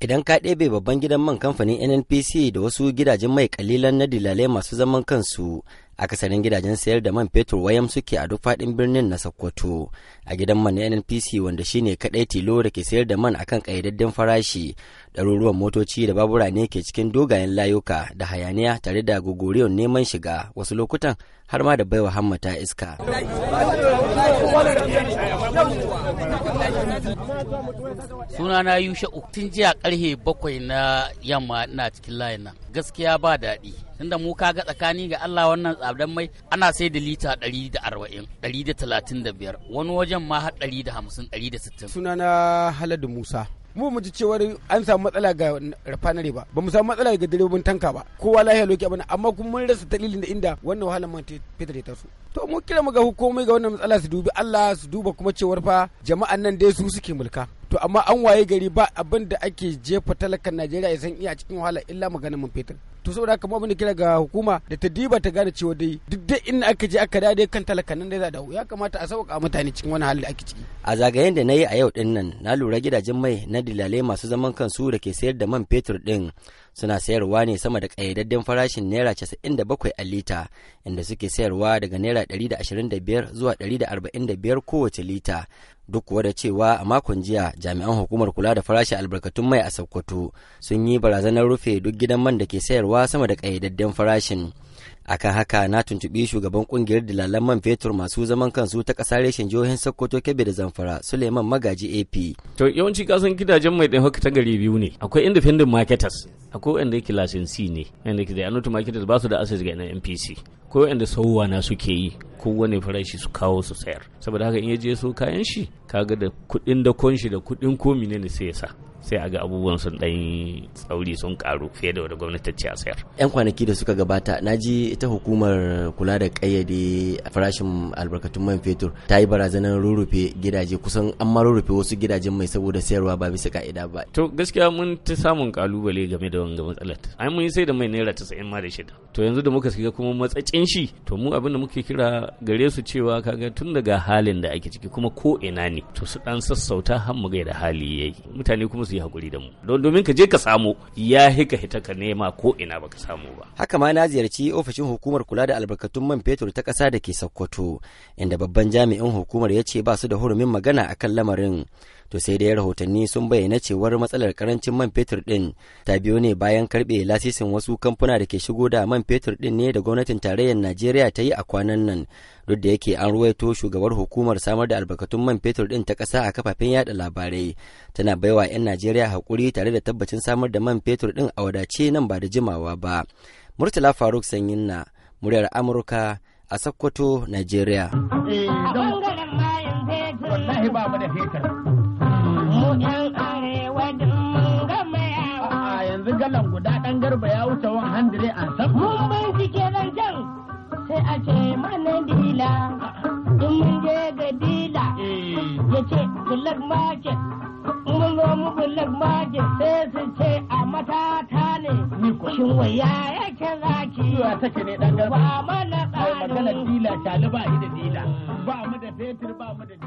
Idan ka ɗebe babban gidan man kamfanin NNPC da wasu gidajen mai kalilan na dilalai masu zaman kansu, akasarin gidajen sayar da man fetur wayam suke a duk faɗin birnin na Sokoto. A gidan man na NNPC wanda shine kaɗai tilo da ke sayar da man akan ƙayyadadden farashi, ɗaruruwan motoci da babura ne ke cikin dogayen layuka da hayaniya tare da gogoriyar neman shiga wasu lokutan har ma da baiwa hammata iska. suna sunana yusha'u tun jiya karhe bakwai na yamma na cikin layin nan gaskiya ba daɗi tunda mu ka ga tsakani ga Allah wannan tsabdan mai ana sai da lita 140 135 wani wajen ma har 150 160 na Haladu Musa mu mu ji cewar an samu matsala ga rafanare ba ba mu samu matsala ga direbobin tanka ba kowa lahiya loki abin amma kuma mun rasa dalilin da inda wannan wahala man fitar ta su to mu kira mu ga hukumomi ga wannan matsala su dubi Allah su duba kuma cewar fa jama'an nan dai su suke mulka to amma an waye gari ba abin da ake jefa talakan najeriya ya san iya cikin wahala illa maganin man fetur to saboda haka abin da kira ga hukuma da ta diba ta gane cewa dai duk da inda aka je aka dade kan talakan nan da za da ya kamata a sauka mutane cikin wani hali da ake ciki a zagayen da na yi a yau din nan na lura gidajen mai na dilale masu zaman kansu da ke sayar da man fetur din suna sayarwa ne sama da ƙayyadadden farashin naira 97 a lita inda suke sayarwa daga naira 125 zuwa 145 kowace lita duk kuwa da cewa a makon jiya jami'an hukumar kula da farashin albarkatun mai a sokoto sun yi barazanar rufe duk gidan man da ke sayarwa sama da ƙayyadadden farashin akan haka na tuntuɓi shugaban ƙungiyar dalalan man fetur masu zaman kansu ta ƙasa reshen jihohin sokoto kebe da zamfara suleiman magaji ap to yawanci kasan gidajen mai ɗin haka ta gari biyu ne akwai independent marketers akwai wanda yake lasin c ne wanda yake da anoti marketers ba su da access ga npc akwai wanda sauwa na suke yi kowane farashi su kawo su sayar saboda haka in ya je so kayan shi kaga da kuɗin da shi da kuɗin komi ne sai ya sa sai a ga abubuwan sun dan tsauri sun karu fiye da wanda gwamnati ce a sayar. 'Yan kwanaki da suka gabata na ji ita hukumar kula da ƙayyade farashin albarkatun man fetur ta yi barazanar rurrufe gidaje kusan an ma rurrufe wasu gidajen mai saboda sayarwa ba bisa ka'ida ba. To gaskiya mun ta samun kalubale game da wanga matsalar. Ai mun yi sai da mai naira casa'in ma da shida. To yanzu da muka shiga kuma matsacin shi to mu abin da muke kira gare su cewa kaga tun daga halin da ake ciki kuma ko ina ne to su dan sassauta har mu da hali yayi mutane kuma su yi hakuri da mu don domin ka je ka samu ya hika hita ka nema ko ina baka samu ba haka ma na ziyarci ofishin hukumar kula da albarkatun man fetur ta kasa da ke Sokoto inda babban jami'in hukumar ya ce ba su da hurumin magana akan lamarin to sai dai rahotanni sun bayyana cewar matsalar karancin man fetur din ta biyo ne bayan karbe lasisin wasu kamfuna da ke shigo da man fetur din ne da gwamnatin tarayyar Najeriya ta yi a kwanan nan duk da yake an ruwaito shugabar hukumar samar da albarkatun man fetur din ta ƙasa a kafafen yada labarai tana baiwa 'yan najeriya haƙuri tare da tabbacin samar da man fetur din a wadace nan ba da jimawa ba murtala faruk sanyin na muryar amurka a sokoto najeriya yanzu galan guda ɗan garba ya wuce 100 a sabon. Mun nan jan sai a ce mana dila in mun je ga dila eh. ya ce market mun zo mu market sai su ce a matata ne waya ba mana tsarin fetur ba mu da